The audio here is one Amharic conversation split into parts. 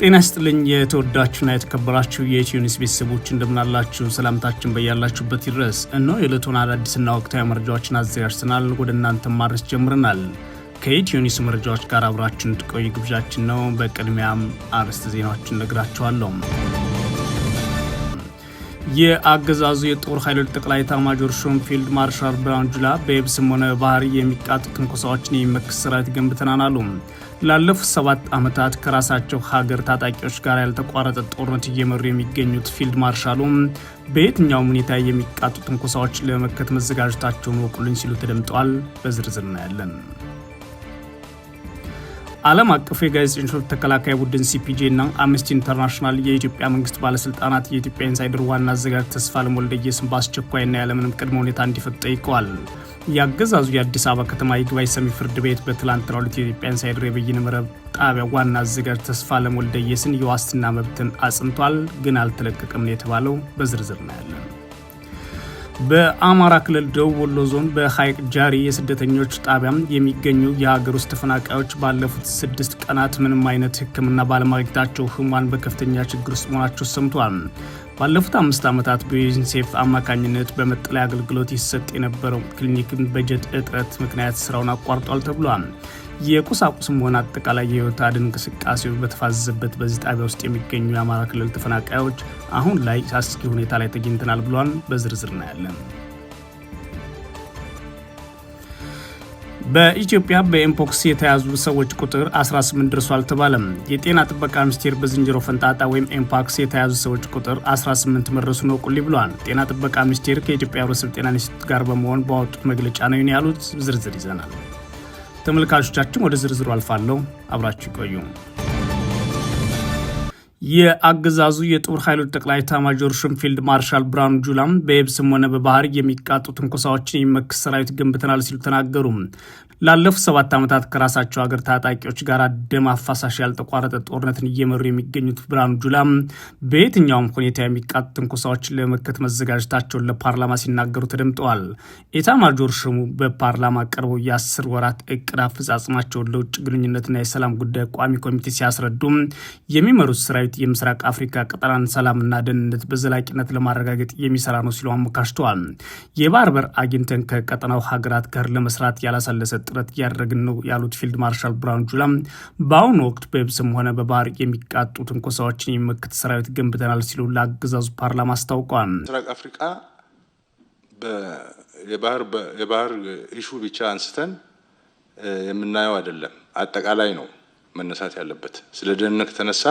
ጤና ይስጥልኝ የተወዳችሁና የተከበራችሁ የኢትዮ ቤተሰቦች እንደምናላችሁ ሰላምታችን በያላችሁበት ይድረስ። እነሆ የዕለቱን አዳዲስና ወቅታዊ መረጃዎችን አዘጋጅተናል ወደ እናንተ ማድረስ ጀምረናል። ከኢትዮ መረጃዎች ጋር አብራችን እንድትቆዩ ግብዣችን ነው። በቅድሚያም አርዕስተ ዜናዎችን ነግራችኋለሁ። የአገዛዙ የጦር ኃይሎች ጠቅላይ ኤታማዦር ሹም ፊልድ ማርሻል ብርሃኑ ጁላ በየብስም ሆነ ባህር የሚቃጡ ትንኮሳዎችን የሚመክስ ሰራዊት ገንብተናል አሉ። ላለፉት ሰባት ዓመታት ከራሳቸው ሀገር ታጣቂዎች ጋር ያልተቋረጠ ጦርነት እየመሩ የሚገኙት ፊልድ ማርሻሉም በየትኛውም ሁኔታ የሚቃጡ ትንኮሳዎች ለመመከት መዘጋጀታቸውን ወቁልኝ ሲሉ ተደምጠዋል። በዝርዝር እናያለን። ዓለም አቀፉ የጋዜጠኞች ተከላካይ ቡድን ሲፒጄ እና አምነስቲ ኢንተርናሽናል የኢትዮጵያ መንግስት ባለስልጣናት የኢትዮጵያ ኢንሳይደር ዋና አዘጋጅ ተስፋለም ወልደየስን በአስቸኳይና ያለምንም ቅድመ ሁኔታ እንዲፈቱ ጠይቀዋል። ያገዛዙ የአዲስ አበባ ከተማ ይግባኝ ሰሚ ፍርድ ቤት በትላንትናው ዕለት የኢትዮጵያ ኢንሳይደር የበይነ መረብ ጣቢያ ዋና አዘጋጅ ተስፋለም ወልደየስን የዋስትና መብትን አጽንቷል፣ ግን አልተለቀቀም ነው የተባለው። በዝርዝር ነው በአማራ ክልል ደቡብ ወሎ ዞን በሐይቅ ጃሪ የስደተኞች ጣቢያ የሚገኙ የሀገር ውስጥ ተፈናቃዮች ባለፉት ስድስት ቀናት ምንም አይነት ሕክምና ባለማግኘታቸው ህሙማን በከፍተኛ ችግር ውስጥ መሆናቸው ሰምቷል። ባለፉት አምስት ዓመታት በዩኒሴፍ አማካኝነት በመጠለያ አገልግሎት ይሰጥ የነበረው ክሊኒክ በጀት እጥረት ምክንያት ስራውን አቋርጧል ተብሏል። የቁሳቁስም ሆነ አጠቃላይ የህይወት አድን እንቅስቃሴው በተፋዘዘበት በዚህ ጣቢያ ውስጥ የሚገኙ የአማራ ክልል ተፈናቃዮች አሁን ላይ አስጊ ሁኔታ ላይ ተገኝተናል ብሏል። በዝርዝር እናያለን። በኢትዮጵያ በኤምፖክስ የተያዙ ሰዎች ቁጥር 18 ደርሷል ተባለ። የጤና ጥበቃ ሚኒስቴር በዝንጀሮ ፈንጣጣ ወይም ኤምፖክስ የተያዙ ሰዎች ቁጥር 18 መድረሱ ነው ብሏል። ጤና ጥበቃ ሚኒስቴር ከኢትዮጵያ ሕብረተሰብ ጤና ኢንስቲትዩት ጋር በመሆን በወጡት መግለጫ ነው ያሉት። ዝርዝር ይዘናል። ተመልካቾቻችን፣ ወደ ዝርዝሩ አልፋለሁ። አብራችሁ ይቆዩ። የአገዛዙ የጦር ኃይሎች ጠቅላይ ኤታማዦር ሹም ፊልድ ማርሻል ብርሃኑ ጁላም በየብስም ሆነ በባህር የሚቃጡ ትንኮሳዎችን የሚመክስ ሰራዊት ገንብተናል ሲሉ ተናገሩ። ላለፉት ሰባት ዓመታት ከራሳቸው ሀገር ታጣቂዎች ጋር ደም አፋሳሽ ያልተቋረጠ ጦርነትን እየመሩ የሚገኙት ብርሃኑ ጁላም በየትኛውም ሁኔታ የሚቃጡ ትንኮሳዎች ለመመከት መዘጋጀታቸውን ለፓርላማ ሲናገሩ ተደምጠዋል። ኤታማዦር ሹሙ በፓርላማ ቀርበው የአስር ወራት እቅድ አፈጻጸማቸውን ለውጭ ግንኙነትና የሰላም ጉዳይ ቋሚ ኮሚቴ ሲያስረዱ፣ የሚመሩት ሰራዊት የምስራቅ አፍሪካ ቀጠናን ሰላምና ደህንነት በዘላቂነት ለማረጋገጥ የሚሰራ ነው ሲሉ አመካሽተዋል። የባህር በር አግኝተን ከቀጠናው ሀገራት ጋር ለመስራት ያላሳለሰ ጥረት እያደረግን ነው ያሉት ፊልድ ማርሻል ብርሃኑ ጁላ በአሁኑ ወቅት በየብስም ሆነ በባህር የሚቃጡ ትንኮሳዎችን የሚመክት ሰራዊት ገንብተናል ሲሉ ለአገዛዙ ፓርላማ አስታውቀዋል። ምስራቅ አፍሪቃ የባህር ኢሹ ብቻ አንስተን የምናየው አይደለም፣ አጠቃላይ ነው መነሳት ያለበት። ስለ ደህንነት ከተነሳ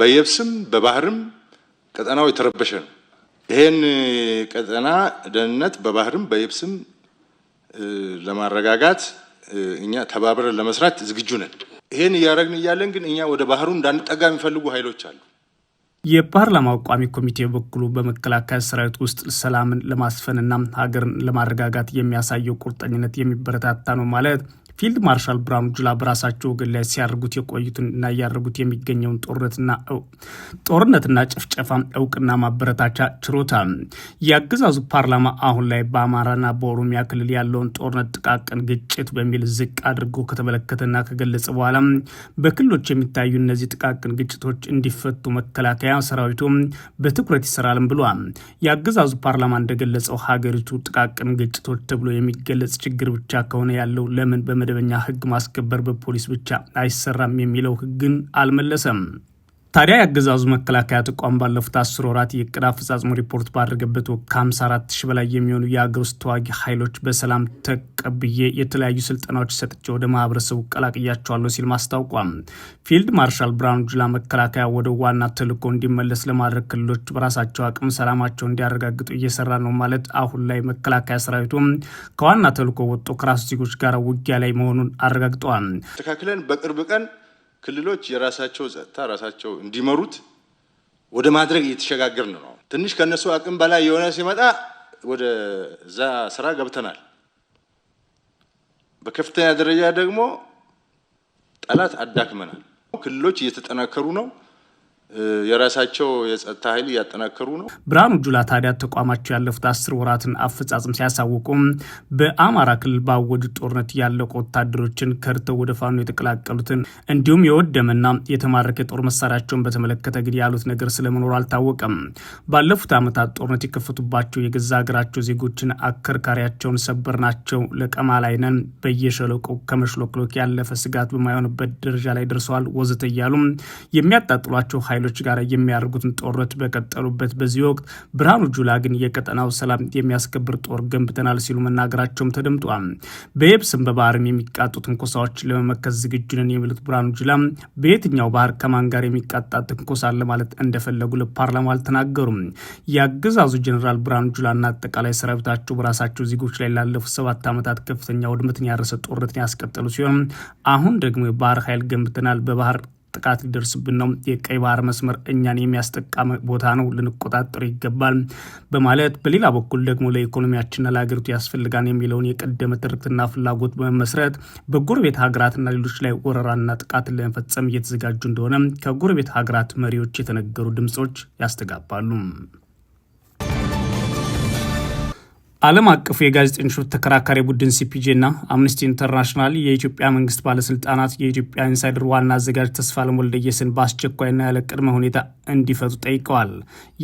በየብስም በባህርም ቀጠናው የተረበሸ ነው። ይሄን ቀጠና ደህንነት በባህርም በየብስም ለማረጋጋት እኛ ተባብረን ለመስራት ዝግጁ ነን። ይህን እያደረግን እያለን ግን እኛ ወደ ባህሩ እንዳንጠጋ የሚፈልጉ ኃይሎች አሉ። የፓርላማው ቋሚ ኮሚቴ በኩሉ በመከላከያ ሰራዊት ውስጥ ሰላምን ለማስፈንና ሀገርን ለማረጋጋት የሚያሳየው ቁርጠኝነት የሚበረታታ ነው ማለት ፊልድ ማርሻል ብርሃኑ ጁላ በራሳቸው ወገን ላይ ሲያደርጉት የቆዩትንና እያደረጉት የሚገኘውን ጦርነትና ጭፍጨፋ እውቅና ማበረታቻ ችሮታ የአገዛዙ ፓርላማ አሁን ላይ በአማራና በኦሮሚያ ክልል ያለውን ጦርነት ጥቃቅን ግጭት በሚል ዝቅ አድርጎ ከተመለከተና ከገለጸ በኋላ በክልሎች የሚታዩ እነዚህ ጥቃቅን ግጭቶች እንዲፈቱ መከላከያ ሰራዊቱ በትኩረት ይሰራልም ብሏል። የአገዛዙ ፓርላማ እንደገለጸው ሀገሪቱ ጥቃቅን ግጭቶች ተብሎ የሚገለጽ ችግር ብቻ ከሆነ ያለው ለምን በመደ መደበኛ ህግ ማስከበር በፖሊስ ብቻ አይሰራም የሚለው ህግን አልመለሰም። ታዲያ የአገዛዙ መከላከያ ተቋም ባለፉት አስር ወራት የዕቅድ አፈጻጸሙ ሪፖርት ባደረገበት ወቅት ከ54 ሺህ በላይ የሚሆኑ የአገር ውስጥ ተዋጊ ኃይሎች በሰላም ተቀብዬ የተለያዩ ስልጠናዎች ሰጥቼ ወደ ማህበረሰቡ ቀላቅያቸዋለሁ ሲል ማስታውቋል። ፊልድ ማርሻል ብርሃኑ ጁላ መከላከያ ወደ ዋና ተልዕኮ እንዲመለስ ለማድረግ ክልሎች በራሳቸው አቅም ሰላማቸው እንዲያረጋግጡ እየሰራ ነው ማለት አሁን ላይ መከላከያ ሰራዊቱም ከዋና ተልኮ ወጥቶ ከራሱ ዜጎች ጋር ውጊያ ላይ መሆኑን አረጋግጠዋል። ተካክለን በቅርብ ቀን ክልሎች የራሳቸው ጸጥታ ራሳቸው እንዲመሩት ወደ ማድረግ እየተሸጋገር ነው። ትንሽ ከነሱ አቅም በላይ የሆነ ሲመጣ ወደ እዛ ስራ ገብተናል። በከፍተኛ ደረጃ ደግሞ ጠላት አዳክመናል። ክልሎች እየተጠናከሩ ነው። የራሳቸው የጸጥታ ኃይል እያጠናከሩ ነው። ብርሃኑ ጁላ ታዲያ ተቋማቸው ያለፉት አስር ወራትን አፈጻጽም ሲያሳውቁም በአማራ ክልል ባወጁት ጦርነት ያለቁ ወታደሮችን ከርተው ወደ ፋኖ የተቀላቀሉትን እንዲሁም የወደመና የተማረከ የጦር መሳሪያቸውን በተመለከተ ግን ያሉት ነገር ስለመኖሩ አልታወቀም። ባለፉት ዓመታት ጦርነት የከፈቱባቸው የገዛ ሀገራቸው ዜጎችን አከርካሪያቸውን ሰበር ናቸው ለቀማ ላይ ነን በየሸለቆ ከመሽሎክሎክ ያለፈ ስጋት በማይሆንበት ደረጃ ላይ ደርሰዋል ወዘተ እያሉም የሚያጣጥሏቸው ኃይል ኃይሎች ጋር የሚያደርጉትን ጦርነት በቀጠሉበት በዚህ ወቅት ብርሃኑ ጁላ ግን የቀጠናው ሰላም የሚያስከብር ጦር ገንብተናል ሲሉ መናገራቸውም ተደምጧል። በየብስም በባህርም የሚቃጡ ትንኮሳዎች ለመመከት ዝግጁ ነን የሚሉት ብርሃኑ ጁላ በየትኛው ባህር ከማን ጋር የሚቃጣ ትንኮሳን ለማለት እንደፈለጉ ለፓርላማ አልተናገሩም። የአገዛዙ ጀኔራል ብርሃኑ ጁላና አጠቃላይ ሰራዊታቸው በራሳቸው ዜጎች ላይ ላለፉት ሰባት ዓመታት ከፍተኛ ውድመትን ያረሰ ጦርነትን ያስቀጠሉ ሲሆን አሁን ደግሞ የባህር ኃይል ገንብተናል በባህር ጥቃት ሊደርስብን ነው፣ የቀይ ባህር መስመር እኛን የሚያስጠቃ ቦታ ነው፣ ልንቆጣጠሩ ይገባል በማለት በሌላ በኩል ደግሞ ለኢኮኖሚያችንና ለሀገሪቱ ያስፈልጋን የሚለውን የቀደመ ትርክትና ፍላጎት በመመስረት በጎረቤት ሀገራትና ሌሎች ላይ ወረራና ጥቃት ለመፈጸም እየተዘጋጁ እንደሆነ ከጎረቤት ሀገራት መሪዎች የተነገሩ ድምጾች ያስተጋባሉ። ዓለም አቀፉ የጋዜጠኞች ተከራካሪ ቡድን ሲፒጄ ሲፒጄና አምነስቲ ኢንተርናሽናል የኢትዮጵያ መንግስት ባለስልጣናት የኢትዮጵያ ኢንሳይደር ዋና አዘጋጅ ተስፋለም ወልደየስን በአስቸኳይና ያለ ቅድመ ሁኔታ እንዲፈቱ ጠይቀዋል።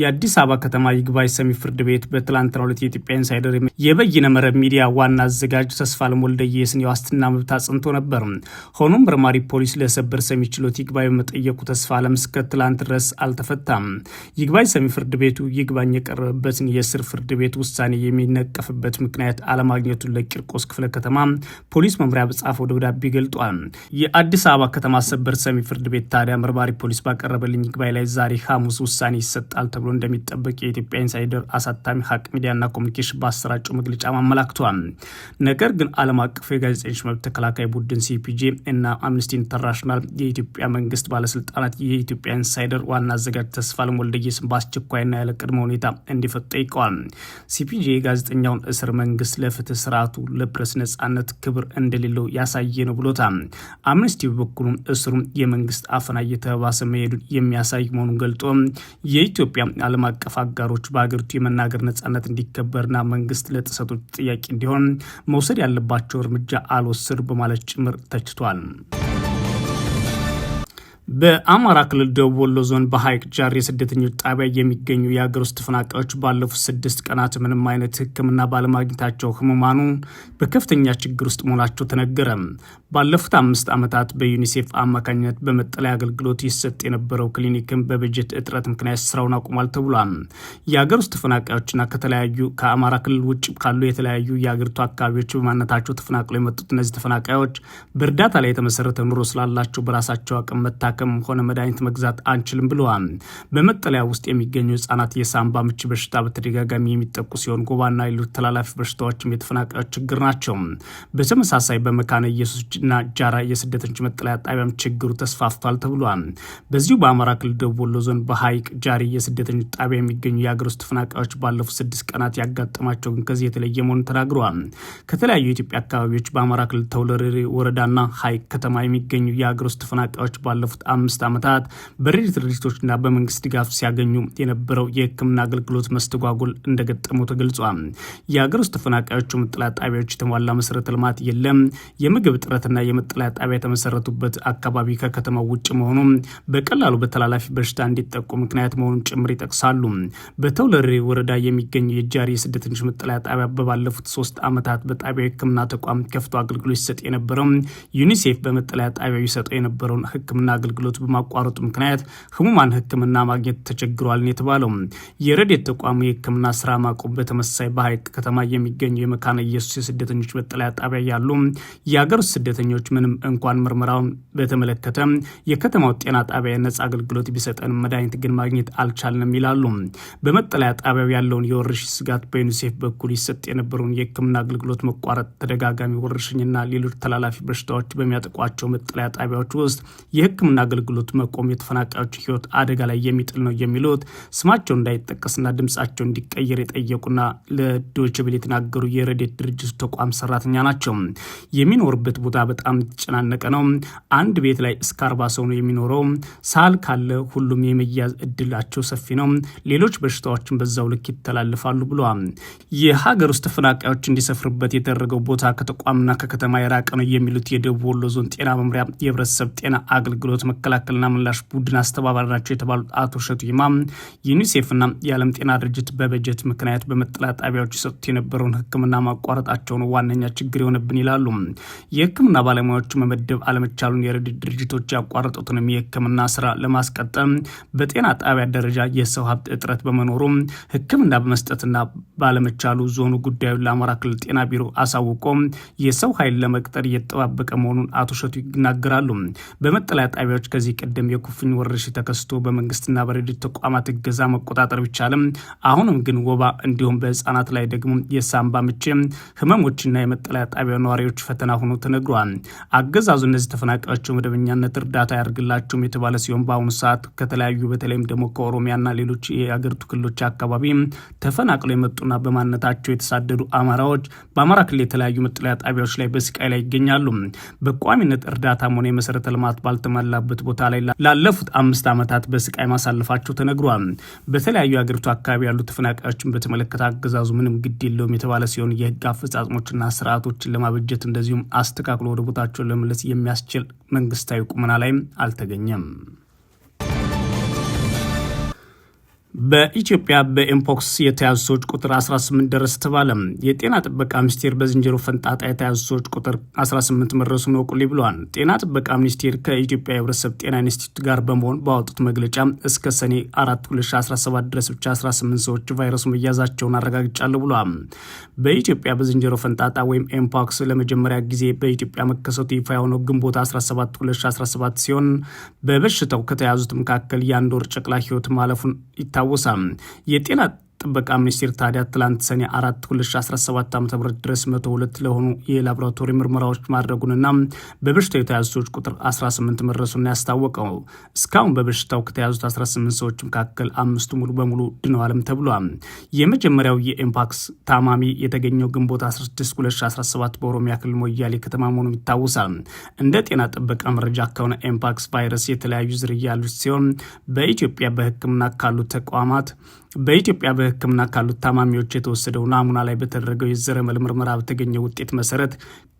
የአዲስ አበባ ከተማ ይግባኝ ሰሚ ፍርድ ቤት በትላንትናው ዕለት የኢትዮጵያ ኢንሳይደር የበይነ መረብ ሚዲያ ዋና አዘጋጅ ተስፋለም ወልደየስን የዋስትና መብት አጽንቶ ነበር። ሆኖም መርማሪ ፖሊስ ለሰበር ሰሚ ችሎት ይግባኝ በመጠየቁ ተስፋለም እስከ ትላንት ድረስ አልተፈታም። ይግባኝ ሰሚ ፍርድ ቤቱ ይግባኝ የቀረበበትን የስር ፍርድ ቤት ውሳኔ የሚነ የተለጠፈበት ምክንያት አለማግኘቱን ለቂርቆስ ክፍለ ከተማ ፖሊስ መምሪያ በጻፈው ደብዳቤ ገልጧል። የአዲስ አበባ ከተማ ሰበር ሰሚ ፍርድ ቤት ታዲያ መርማሪ ፖሊስ ባቀረበልኝ ይግባኝ ላይ ዛሬ ሐሙስ ውሳኔ ይሰጣል ተብሎ እንደሚጠበቅ የኢትዮጵያ ኢንሳይደር አሳታሚ ሀቅ ሚዲያና ኮሚኒኬሽን በአሰራጩ መግለጫ ማመላክቷል። ነገር ግን አለም አቀፉ የጋዜጠኞች መብት ተከላካይ ቡድን ሲፒጄ እና አምነስቲ ኢንተርናሽናል የኢትዮጵያ መንግስት ባለስልጣናት የኢትዮጵያ ኢንሳይደር ዋና አዘጋጅ ተስፋለም ወልደየስን በአስቸኳይና ያለ ቅድመ ሁኔታ እንዲፈቱ ጠይቀዋል። ሲፒጄ ጋዜጠ የትኛውን እስር መንግስት ለፍትህ ስርዓቱ ለፕረስ ነጻነት ክብር እንደሌለው ያሳየ ነው ብሎታል። አምነስቲ በበኩሉም እስሩም የመንግስት አፈና እየተባሰ መሄዱን የሚያሳይ መሆኑን ገልጦ የኢትዮጵያ ዓለም አቀፍ አጋሮች በሀገሪቱ የመናገር ነጻነት እንዲከበርና መንግስት ለጥሰቶች ጥያቄ እንዲሆን መውሰድ ያለባቸው እርምጃ አልወሰዱ በማለት ጭምር ተችቷል። በአማራ ክልል ደቡብ ወሎ ዞን በሀይቅ ጃር የስደተኞች ጣቢያ የሚገኙ የሀገር ውስጥ ተፈናቃዮች ባለፉት ስድስት ቀናት ምንም አይነት ሕክምና ባለማግኘታቸው ህሙማኑ በከፍተኛ ችግር ውስጥ መሆናቸው ተነገረ። ባለፉት አምስት ዓመታት በዩኒሴፍ አማካኝነት በመጠለያ አገልግሎት ይሰጥ የነበረው ክሊኒክም በበጀት እጥረት ምክንያት ስራውን አቁሟል ተብሏል። የሀገር ውስጥ ተፈናቃዮችና ከተለያዩ ከአማራ ክልል ውጭ ካሉ የተለያዩ የሀገሪቱ አካባቢዎች በማንነታቸው ተፈናቅለው የመጡት እነዚህ ተፈናቃዮች በእርዳታ ላይ የተመሰረተ ኑሮ ስላላቸው በራሳቸው አቅም መታ። መታከምም ሆነ መድኃኒት መግዛት አንችልም ብለዋል። በመጠለያ ውስጥ የሚገኙ ህጻናት የሳምባ ምች በሽታ በተደጋጋሚ የሚጠቁ ሲሆን ጎባና ሌሎች ተላላፊ በሽታዎችም የተፈናቃዮች ችግር ናቸው። በተመሳሳይ በመካነ ኢየሱስና ጃራ የስደተኞች መጠለያ ጣቢያም ችግሩ ተስፋፍቷል ተብሏል። በዚሁ በአማራ ክልል ደቡብ ወሎ ዞን በሀይቅ ጃሪ የስደተኞች ጣቢያ የሚገኙ የአገር ውስጥ ተፈናቃዮች ባለፉት ስድስት ቀናት ያጋጠማቸው ግን ከዚህ የተለየ መሆኑን ተናግረዋል። ከተለያዩ የኢትዮጵያ አካባቢዎች በአማራ ክልል ተውለሬሬ ወረዳና ሀይቅ ከተማ የሚገኙ የአገር ውስጥ ተፈናቃዮች ባለፉት አምስት ዓመታት በሬድ ድርጅቶችና በመንግስት ድጋፍ ሲያገኙ የነበረው የህክምና አገልግሎት መስተጓጉል እንደገጠመው ተገልጿል። የሀገር ውስጥ ተፈናቃዮቹ መጠለያ ጣቢያዎች የተሟላ መሰረተ ልማት የለም። የምግብ እጥረትና የመጠለያ ጣቢያ የተመሰረቱበት አካባቢ ከከተማው ውጭ መሆኑ በቀላሉ በተላላፊ በሽታ እንዲጠቁ ምክንያት መሆኑን ጭምር ይጠቅሳሉ። በተውለሬ ወረዳ የሚገኘው የጃሪ የስደተኞች መጠለያ ጣቢያ በባለፉት ሶስት ዓመታት በጣቢያው የህክምና ተቋም ከፍቶ አገልግሎት ሲሰጥ የነበረው ዩኒሴፍ በመጠለያ ጣቢያው ይሰጠው የነበረውን ህክምና አገልግሎት አገልግሎት በማቋረጡ ምክንያት ህሙማን ህክምና ማግኘት ተቸግሯል ነው የተባለው። የረዴት ተቋሙ የህክምና ስራ ማቆም በተመሳሳይ በሀይቅ ከተማ የሚገኙ የመካነ ኢየሱስ የስደተኞች መጠለያ ጣቢያ ያሉ የአገር ውስጥ ስደተኞች ምንም እንኳን ምርመራውን በተመለከተ የከተማው ጤና ጣቢያ የነጻ አገልግሎት ቢሰጠን መድኃኒት ግን ማግኘት አልቻልንም ይላሉ። በመጠለያ ጣቢያው ያለውን የወረርሽኝ ስጋት በዩኒሴፍ በኩል ይሰጥ የነበረውን የህክምና አገልግሎት መቋረጥ፣ ተደጋጋሚ ወረርሽኝና ሌሎች ተላላፊ በሽታዎች በሚያጠቋቸው መጠለያ ጣቢያዎች ውስጥ የህክምና ከሕክምና አገልግሎት መቆም የተፈናቃዮች ህይወት አደጋ ላይ የሚጥል ነው የሚሉት ስማቸው እንዳይጠቀስና ድምጻቸው እንዲቀየር የጠየቁና ለዶይቼ ቬለ የተናገሩ የረዴት ድርጅቱ ተቋም ሰራተኛ ናቸው። የሚኖርበት ቦታ በጣም የተጨናነቀ ነው። አንድ ቤት ላይ እስከ አርባ ሰው ነው የሚኖረው። ሳል ካለ ሁሉም የመያዝ እድላቸው ሰፊ ነው። ሌሎች በሽታዎችን በዛው ልክ ይተላለፋሉ ብለዋል። የሀገር ውስጥ ተፈናቃዮች እንዲሰፍርበት የተደረገው ቦታ ከተቋምና ከከተማ የራቀ ነው የሚሉት የደቡብ ወሎ ዞን ጤና መምሪያ የህብረተሰብ ጤና አገልግሎት መከላከልና ምላሽ ቡድን አስተባባሪ ናቸው የተባሉት አቶ እሸቱ ይማም ዩኒሴፍና የዓለም ጤና ድርጅት በበጀት ምክንያት በመጠለያ ጣቢያዎች የሰጡት የነበረውን ሕክምና ማቋረጣቸውን ዋነኛ ችግር የሆነብን ይላሉ። የሕክምና ባለሙያዎቹ መመደብ አለመቻሉን የረድኤት ድርጅቶች ያቋረጡትንም የሕክምና ስራ ለማስቀጠል በጤና ጣቢያ ደረጃ የሰው ሀብት እጥረት በመኖሩ ሕክምና በመስጠትና ባለመቻሉ ዞኑ ጉዳዩን ለአማራ ክልል ጤና ቢሮ አሳውቆ የሰው ኃይል ለመቅጠር እየተጠባበቀ መሆኑን አቶ እሸቱ ይናገራሉ። በመጠለያ ጣቢያ ሆስፒታሎች ከዚህ ቀደም የኩፍኝ ወረርሽኝ ተከስቶ በመንግስትና በረድኤት ተቋማት እገዛ መቆጣጠር ቢቻልም አሁንም ግን ወባ እንዲሁም በህፃናት ላይ ደግሞ የሳምባ ምች ህመሞችና የመጠለያ ጣቢያ ነዋሪዎች ፈተና ሆኖ ተነግሯል። አገዛዙ እነዚህ ተፈናቃዮች መደበኛነት እርዳታ ያደርግላቸውም የተባለ ሲሆን በአሁኑ ሰዓት ከተለያዩ በተለይም ደግሞ ከኦሮሚያና ሌሎች የአገሪቱ ክልሎች አካባቢ ተፈናቅለው የመጡና በማንነታቸው የተሳደዱ አማራዎች በአማራ ክልል የተለያዩ መጠለያ ጣቢያዎች ላይ በስቃይ ላይ ይገኛሉ። በቋሚነት እርዳታም ሆነ የመሰረተ ልማት ባልተሟላ በተሰራበት ቦታ ላይ ላለፉት አምስት ዓመታት በስቃይ ማሳለፋቸው ተነግሯል። በተለያዩ የአገሪቱ አካባቢ ያሉ ተፈናቃዮችን በተመለከተ አገዛዙ ምንም ግድ የለውም የተባለ ሲሆን የህግ አፈጻጽሞችና ስርዓቶችን ለማበጀት እንደዚሁም አስተካክሎ ወደ ቦታቸው ለመለስ የሚያስችል መንግስታዊ ቁመና ላይም አልተገኘም። በኢትዮጵያ በኤምፖክስ የተያዙ ሰዎች ቁጥር 18 ደረስ ተባለ። የጤና ጥበቃ ሚኒስቴር በዝንጀሮ ፈንጣጣ የተያዙ ሰዎች ቁጥር 18 መድረሱን ወቁል ብለዋል። ጤና ጥበቃ ሚኒስቴር ከኢትዮጵያ የሕብረተሰብ ጤና ኢንስቲትዩት ጋር በመሆን ባወጡት መግለጫ እስከ ሰኔ 4 2017 ድረስ ብቻ 18 ሰዎች ቫይረሱ መያዛቸውን አረጋግጫለሁ ብለዋል። በኢትዮጵያ በዝንጀሮ ፈንጣጣ ወይም ኤምፖክስ ለመጀመሪያ ጊዜ በኢትዮጵያ መከሰቱ ይፋ የሆነው ግንቦት 17 2017 ሲሆን በበሽታው ከተያዙት መካከል የአንድ ወር ጨቅላ ህይወት ማለፉን ይታወ አስታወሰም። የጤና ጥበቃ ሚኒስቴር ታዲያ ትላንት ሰኔ 4 2017 ዓ ም ድረስ 102 ለሆኑ የላቦራቶሪ ምርመራዎች ማድረጉንና በበሽታው የተያዙ ሰዎች ቁጥር 18 መድረሱን ያስታወቀው። እስካሁን በበሽታው ከተያዙት 18 ሰዎች መካከል አምስቱ ሙሉ በሙሉ ድነዋልም ተብሏል። የመጀመሪያው የኤምፓክስ ታማሚ የተገኘው ግንቦት 16 2017 በኦሮሚያ ክልል ሞያሌ ከተማ መሆኑ ይታወሳል። እንደ ጤና ጥበቃ መረጃ ከሆነ ኤምፓክስ ቫይረስ የተለያዩ ዝርያ ያሉት ሲሆን በኢትዮጵያ በሕክምና ካሉ ተቋማት በኢትዮጵያ በሕክምና ካሉት ታማሚዎች የተወሰደው ናሙና ላይ በተደረገው የዘረመል ምርመራ በተገኘ ውጤት መሰረት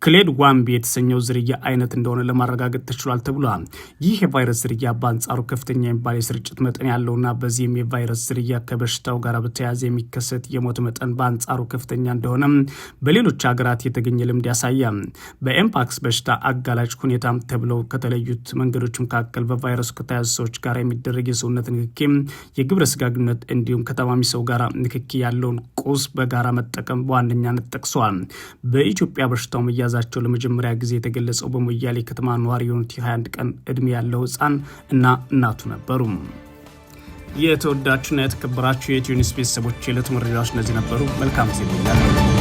ክሌድ ዋንቢ የተሰኘው ዝርያ አይነት እንደሆነ ለማረጋገጥ ተችሏል ተብሏል። ይህ የቫይረስ ዝርያ በአንጻሩ ከፍተኛ የሚባል የስርጭት መጠን ያለውና በዚህም የቫይረስ ዝርያ ከበሽታው ጋር በተያያዘ የሚከሰት የሞት መጠን በአንጻሩ ከፍተኛ እንደሆነ በሌሎች ሀገራት የተገኘ ልምድ ያሳያል። በኤምፓክስ በሽታ አጋላጭ ሁኔታ ተብለው ከተለዩት መንገዶች መካከል በቫይረሱ ከተያዙ ሰዎች ጋር የሚደረግ የሰውነት ንክኪ፣ የግብረ ስጋ ግንኙነት እንዲሁም እንዲሁም ከተማሚ ሰው ጋር ንክኪ ያለውን ቁስ በጋራ መጠቀም በዋነኛነት ጠቅሰዋል። በኢትዮጵያ በሽታው መያዛቸው ለመጀመሪያ ጊዜ የተገለጸው በሞያሌ ከተማ ነዋሪ የሆኑት የ21 ቀን እድሜ ያለው ህፃን እና እናቱ ነበሩ። የተወዳችሁና የተከበራችሁ የኢትዮ ኒውስ ቤተሰቦች የዕለቱ መረጃዎች እነዚህ ነበሩ። መልካም ዜና